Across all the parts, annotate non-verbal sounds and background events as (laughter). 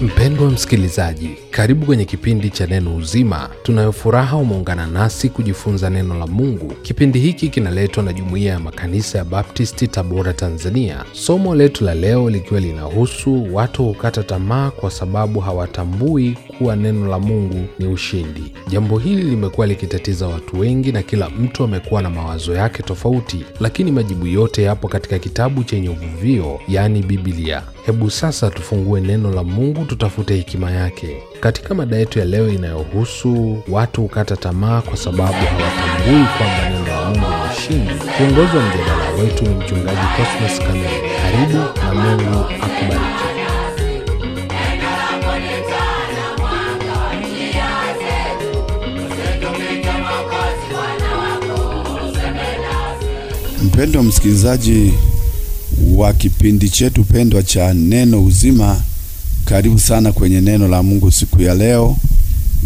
Mpendwa msikilizaji karibu kwenye kipindi cha Neno Uzima. Tunayo furaha umeungana nasi kujifunza neno la Mungu. Kipindi hiki kinaletwa na Jumuiya ya Makanisa ya Baptisti, Tabora, Tanzania. Somo letu la leo likiwa linahusu watu hukata tamaa kwa sababu hawatambui kuwa neno la Mungu ni ushindi. Jambo hili limekuwa likitatiza watu wengi na kila mtu amekuwa na mawazo yake tofauti, lakini majibu yote yapo katika kitabu chenye uvuvio, yani Biblia. Hebu sasa tufungue neno la Mungu, tutafute hekima yake katika mada yetu ya leo inayohusu watu hukata tamaa kwa sababu hawatambui kwamba neno la Mungu ni ushindi. Kiongozi wa mjadala wetu ni mchungaji cosmos Kamel. Karibu na Mungu akubariki. Mpendwa msikilizaji wa kipindi chetu pendwa cha Neno Uzima, karibu sana kwenye neno la Mungu siku ya leo,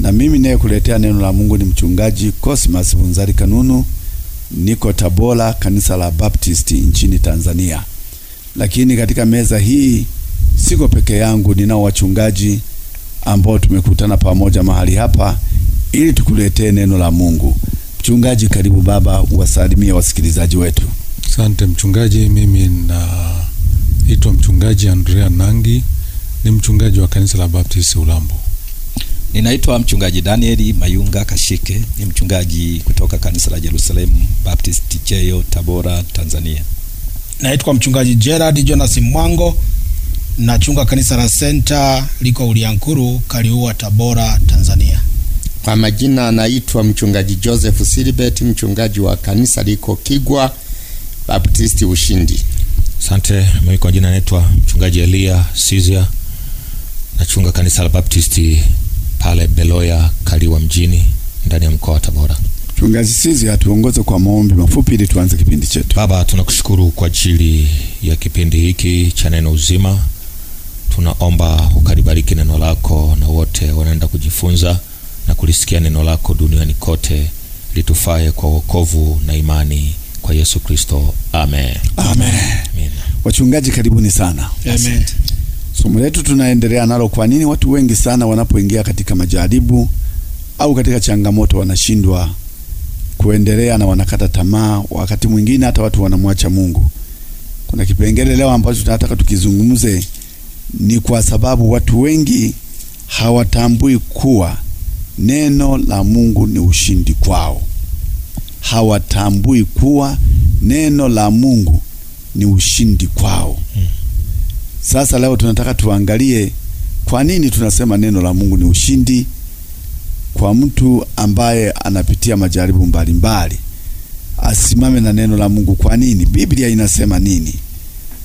na mimi kuletea neno la Mungu ni mchungaji Cosmas Bunzari Kanunu. Niko Tabora, kanisa la Baptisti nchini Tanzania, lakini katika meza hii siko peke yangu, ninao wachungaji ambao tumekutana pamoja mahali hapa ili tukuletee neno la Mungu. Mchungaji, karibu baba, uwasalimie wasikilizaji wetu. Asante mchungaji. Mimi naitwa mchungaji Andrea Nangi ni mchungaji wa kanisa la Baptist Ulambo. Ninaitwa mchungaji daniel Mayunga Kashike, ni mchungaji kutoka kanisa la Jerusalemu Baptist Cheyo, Tabora, Tanzania. Naitwa mchungaji Gerard Jonas Mwango, nachunga kanisa la Senta liko Uliankuru, Kaliua, Tabora, Tanzania. Kwa majina anaitwa mchungaji Joseph Silibet, mchungaji wa kanisa liko Kigwa baptist Ushindi. Asante. Mimi kwa jina naitwa mchungaji Elia Sizia nachunga kanisa la Baptisti pale Beloya Kaliwa mjini ndani ya mkoa wa Tabora. Mchungaji Sizi atuongoze kwa maombi mafupi ili tuanze kipindi chetu. Baba, tunakushukuru kwa ajili ya kipindi hiki cha neno uzima. Tunaomba ukalibariki neno lako na wote wanaenda kujifunza na kulisikia neno lako duniani kote, litufaye kwa wokovu na imani kwa Yesu Kristo. Amen. Amen. Amen. Wachungaji karibuni sana. Amen. Somo letu tunaendelea nalo. Kwa nini watu wengi sana wanapoingia katika majaribu au katika changamoto wanashindwa kuendelea na wanakata tamaa? Wakati mwingine hata watu wanamwacha Mungu. Kuna kipengele leo ambacho tunataka tukizungumze, ni kwa sababu watu wengi hawatambui kuwa neno la Mungu ni ushindi kwao. Hawatambui kuwa neno la Mungu ni ushindi kwao. Hmm. Sasa leo tunataka tuangalie kwa nini tunasema neno la Mungu ni ushindi kwa mtu ambaye anapitia majaribu mbalimbali mbali. Asimame na neno la Mungu. Kwa nini? Biblia inasema nini?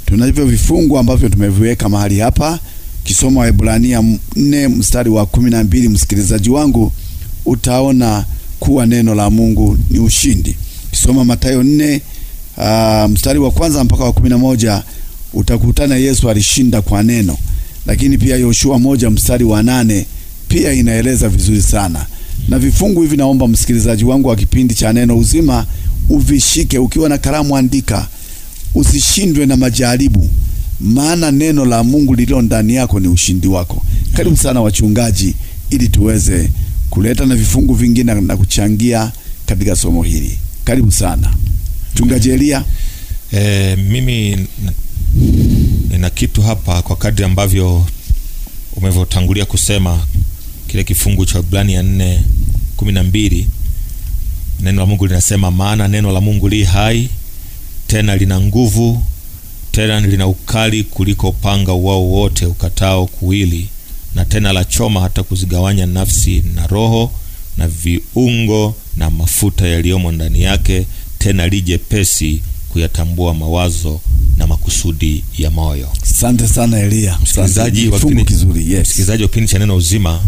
Tunavyo vifungu ambavyo tumeviweka mahali hapa. Kisoma Waebrania 4 mstari wa mbili, msikilizaji wangu, utaona kuwa neno la Mungu ni ushindi. Kisoma Mathayo 4 uh, ah, mstari wa kwanza mpaka wa moja utakutana Yesu alishinda kwa neno, lakini pia Yoshua moja mstari wa nane pia inaeleza vizuri sana, na vifungu hivi naomba msikilizaji wangu wa kipindi cha Neno Uzima uvishike. Ukiwa na kalamu, andika, usishindwe na majaribu, maana neno la Mungu lililo ndani yako ni ushindi wako. Karibu sana wachungaji, ili tuweze kuleta na vifungu vingine na kuchangia katika somo hili. Karibu sana Chungaji Elia. Eh, mimi nina kitu hapa kwa kadri ambavyo umevyotangulia kusema kile kifungu cha Ibrania ya nne kumi na mbili neno la Mungu linasema, maana neno la Mungu li hai tena lina nguvu tena lina ukali kuliko upanga wao wote ukatao kuwili, na tena la choma hata kuzigawanya nafsi na roho na viungo na mafuta yaliyomo ndani yake, tena li jepesi kuyatambua mawazo na makusudi ya moyo. Asante sana Elia, msikilizaji wa kipindi kizuri. Yes, msikilizaji wa kipindi cha Neno Uzima,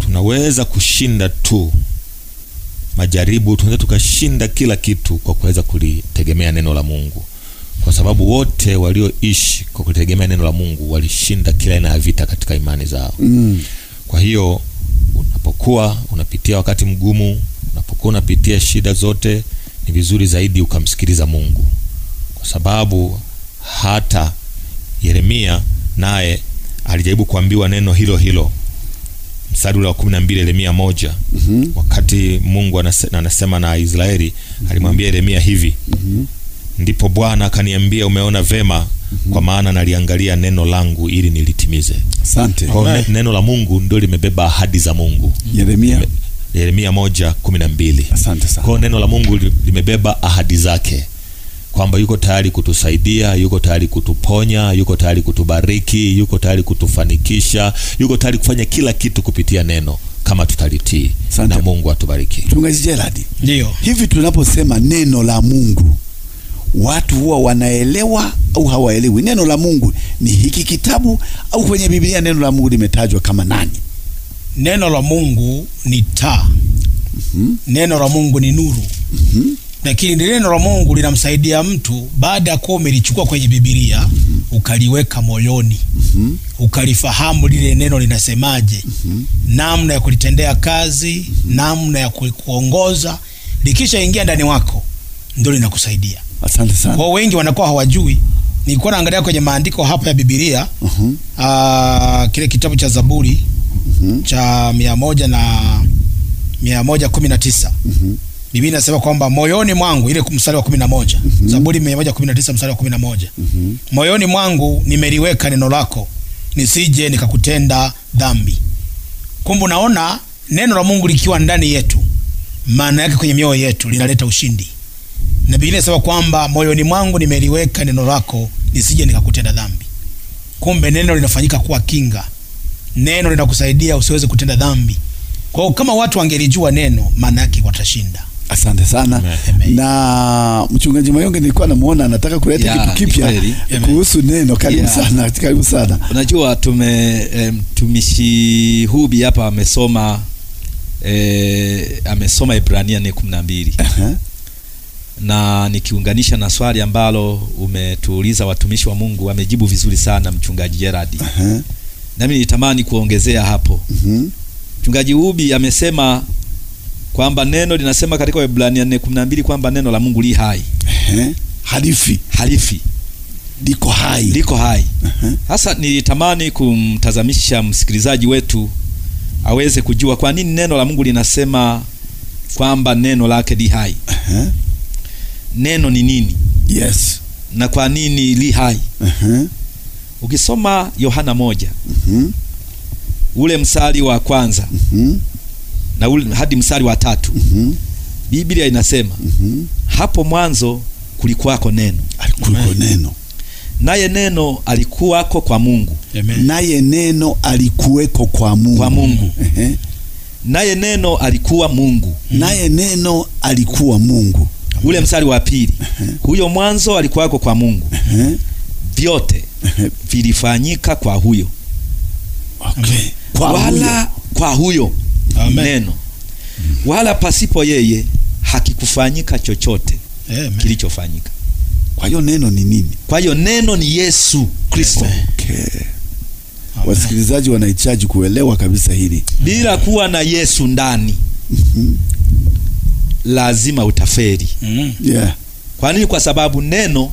tunaweza kushinda tu majaribu, tunaweza tukashinda kila kitu kwa kuweza kulitegemea neno la Mungu, kwa sababu wote walioishi kwa kulitegemea neno la Mungu walishinda kila aina ya vita katika imani zao. Mm. Kwa hiyo unapokuwa unapitia wakati mgumu, unapokuwa unapitia shida zote ni vizuri zaidi ukamsikiliza Mungu, kwa sababu hata Yeremia naye alijaribu kuambiwa neno hilo hilo, mstari wa 12 Yeremia moja. mm -hmm. Wakati Mungu anasema, na Israeli mm -hmm. alimwambia Yeremia hivi mm -hmm. ndipo Bwana akaniambia umeona vema Mm -hmm. Kwa maana naliangalia neno langu ili nilitimize. Asante. neno la Mungu ndio limebeba ahadi za Mungu. Yeremia Yeremia moja Kwa neno la Mungu limebeba ahadi zake kwamba yuko tayari kutusaidia, yuko tayari kutuponya, yuko tayari kutubariki, yuko tayari kutufanikisha, yuko tayari kufanya kila kitu kupitia neno kama tutalitii. Na Mungu atubariki. Mchungaji Gerald, ndio hivi tunaposema neno la Mungu watu huwa wanaelewa au hawaelewi? Neno la Mungu ni hiki kitabu au kwenye Biblia neno la Mungu limetajwa kama nani? neno la Mungu ni taa mm -hmm. neno la Mungu ni nuru mm -hmm. lakini neno la Mungu linamsaidia mtu baada ya kuwa umelichukua kwenye Biblia mm -hmm. ukaliweka moyoni mm -hmm. ukalifahamu lile neno linasemaje mm -hmm. namna ya kulitendea kazi mm -hmm. namna ya kuongoza likishaingia ndani wako ndio linakusaidia. Asante sana. Kwa wengi wanakuwa hawajui. Nilikuwa naangalia kwenye maandiko hapa ya Biblia uh mhm. ah, -huh. kile kitabu cha Zaburi -hmm. cha mia moja na mia moja kumi na tisa mm -hmm. Biblia inasema kwamba moyoni mwangu, ile mstari wa kumi na moja mm -hmm. Zaburi mia moja kumi na tisa mstari wa kumi na moja mm -hmm. Moyoni mwangu nimeliweka neno lako, nisije nikakutenda dhambi. Kumbe unaona neno la Mungu likiwa ndani yetu, maana yake kwenye mioyo yetu, linaleta ushindi. Na Biblia inasema kwamba moyoni mwangu nimeliweka neno lako, nisije nikakutenda dhambi. Kumbe neno linafanyika kuwa kinga mm neno linakusaidia usiweze kutenda dhambi. Kwa hiyo kama watu wangelijua neno, maana yake watashinda. Asante sana Amen. Na mchungaji Mayonge nilikuwa namuona anataka kuleta yeah, kitu kipya kuhusu neno. Karibu yeah. sana, karibu sana. Unajua tume mtumishi um, hubi hapa amesoma e, amesoma Ibrania ne kumi na mbili na nikiunganisha na swali ambalo umetuuliza watumishi wa Mungu wamejibu vizuri sana mchungaji Gerard uh -huh nami nitamani kuongezea hapo mhm. mchungaji mm -hmm. Ubi amesema kwamba neno linasema katika Waebrania 4:12 kwamba neno la Mungu li hai halifi halifi liko hai liko hai sasa. Nilitamani kumtazamisha msikilizaji wetu aweze kujua kwa nini neno la Mungu linasema kwamba neno lake li hai -huh. neno ni nini? Yes. na kwa nini li hai -huh. Ukisoma Yohana moja mm -hmm. ule msali wa kwanza mm -hmm. na ule hadi msali wa tatu mm -hmm. Biblia inasema mm -hmm. hapo mwanzo kulikuwako neno, alikuwako neno naye neno alikuwako kwa Mungu, naye neno alikuweko kwa Mungu, kwa Mungu. naye neno alikuwa Mungu, mhm. naye neno alikuwa Mungu. Ule msali wa pili, huyo mwanzo alikuwako kwa Mungu, vyote (laughs) vilifanyika kwa huyo okay. kwa wala huyo. kwa huyo Amen. neno wala pasipo yeye hakikufanyika chochote kilichofanyika. Kwa hiyo neno ni nini? Kwa hiyo neno ni Yesu Kristo. Okay. Wasikilizaji wanahitaji kuelewa kabisa hili. Bila kuwa na Yesu ndani mm-hmm. lazima utaferi. Mm. Yeah. Kwa nini? Kwa sababu neno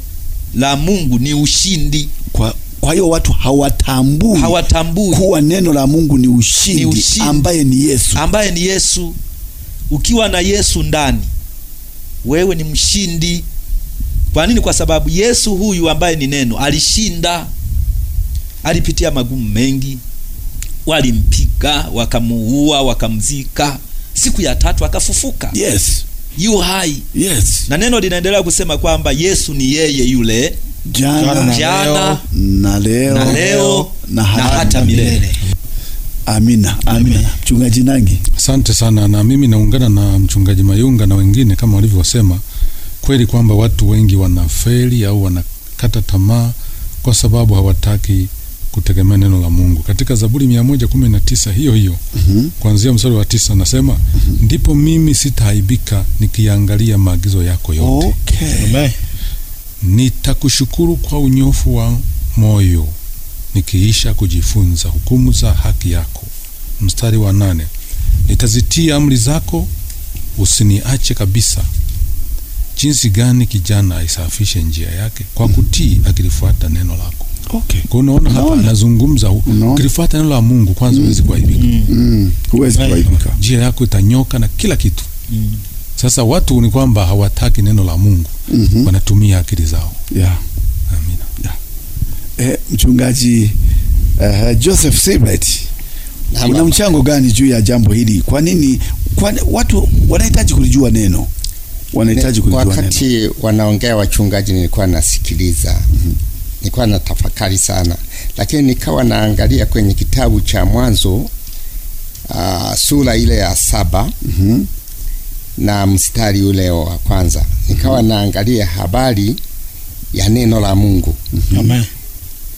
la Mungu ni ushindi kwa kwa hiyo watu hawatambui hawatambui kuwa neno la Mungu ni ushindi, ni ushindi ambaye ni Yesu, ambaye ni Yesu. Ukiwa na Yesu ndani, wewe ni mshindi. Kwa nini? Kwa sababu Yesu huyu ambaye ni neno alishinda, alipitia magumu mengi, walimpiga, wakamuua, wakamzika, siku ya tatu akafufuka. Yes, yu hai yes. na neno linaendelea kusema kwamba Yesu ni yeye yule jana, jana na leo na, leo, na hata milele. Amina, amina. Mchungaji Nangi, asante sana, na mimi naungana na mchungaji Mayunga na wengine kama walivyosema, kweli kwamba watu wengi wanafeli au wanakata tamaa kwa sababu hawataki kutegemea neno la Mungu. Katika Zaburi mia moja kumi na tisa hiyo hiyo mm -hmm. kuanzia mstari wa tisa nasema mm -hmm. ndipo mimi sitaaibika nikiangalia maagizo yako yote. Okay. Nitakushukuru kwa unyofu wa moyo nikiisha kujifunza hukumu za haki yako. Mstari wa nane nitazitia amri zako, usiniache kabisa. Jinsi gani kijana aisafishe njia yake? Kwa kutii, akilifuata neno lako. Okay. unaona hapa ukilifuata neno la Mungu kwanza huwezi mm. kuaibika. Mm. Mm. Huwezi kuaibika. Njia yako itanyoka na kila kitu. Mm. Sasa watu ni kwamba hawataki neno la Mungu mm -hmm. wanatumia akili zao. Yeah. Amina. Yeah. Eh, mchungaji uh, Joseph una mchango gani juu ya jambo hili? Kwa nini kwa, watu wanahitaji kulijua neno? Wanahitaji kulijua neno. Wakati wanaongea wachungaji nilikuwa nasikiliza. Mm -hmm nilikuwa natafakari sana, lakini nikawa naangalia kwenye kitabu cha Mwanzo uh, sura ile ya saba mm -hmm. na mstari ule wa kwanza nikawa mm -hmm. naangalia habari ya neno la Mungu mm -hmm. Amen.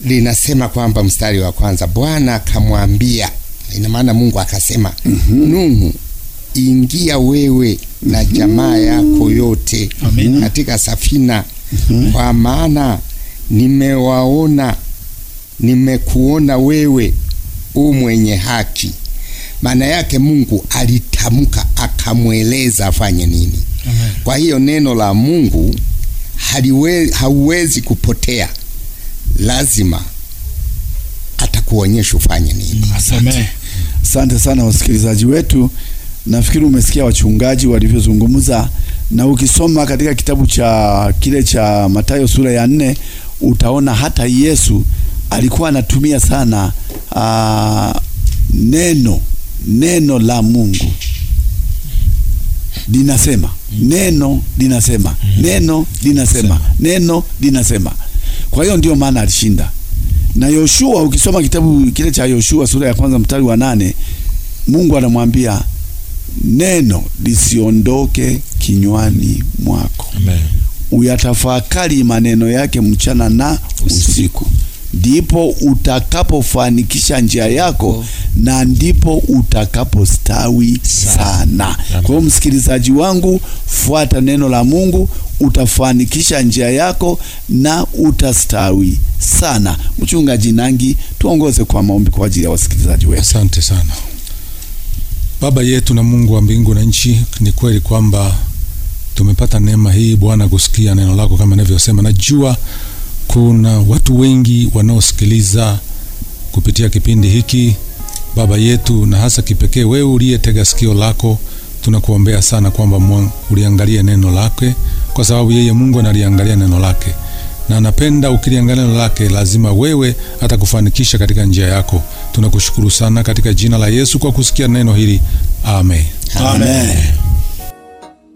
linasema kwamba mstari wa kwanza, Bwana akamwambia, ina maana Mungu akasema mm -hmm. Nuhu, ingia wewe na mhm. jamaa yako yote katika safina, mm -hmm. kwa maana nimewaona, nimekuona wewe u mwenye haki. Maana yake Mungu alitamka akamweleza afanye nini. Amen. Kwa hiyo neno la Mungu haliwe, hauwezi kupotea, lazima atakuonyesha ufanye nini. Mm, asante, asante sana wasikilizaji wetu. Nafikiri umesikia wachungaji walivyozungumza, na ukisoma katika kitabu cha kile cha Mathayo sura ya nne utaona hata Yesu alikuwa anatumia sana aa, ah, neno neno la Mungu linasema neno linasema neno linasema neno linasema. Kwa hiyo ndio maana alishinda. Na Yoshua, ukisoma kitabu kile cha Yoshua sura ya kwanza mstari wa nane Mungu anamwambia neno lisiondoke kinywani mwako. Amen uyatafakari maneno yake mchana na usiku, ndipo utakapofanikisha njia yako oh, na ndipo utakapostawi sana. Kwa hiyo msikilizaji wangu, fuata neno la Mungu, utafanikisha njia yako na utastawi sana. Mchungaji Nangi, tuongoze kwa maombi kwa ajili ya wasikilizaji wetu. Asante sana Baba yetu na Mungu wa mbingu na nchi, ni kweli kwamba tumepata neema hii Bwana kusikia neno lako kama ninavyosema. Najua kuna watu wengi wanaosikiliza kupitia kipindi hiki Baba yetu, na hasa kipekee wewe uliyetega sikio lako, tunakuombea sana kwamba uliangalie neno lake, kwa sababu yeye Mungu analiangalia neno lake na anapenda ukiliangalia neno lake, lazima wewe atakufanikisha katika njia yako. Tunakushukuru sana katika jina la Yesu kwa kusikia neno hili, amen, amen. amen.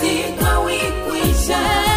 kazi kwa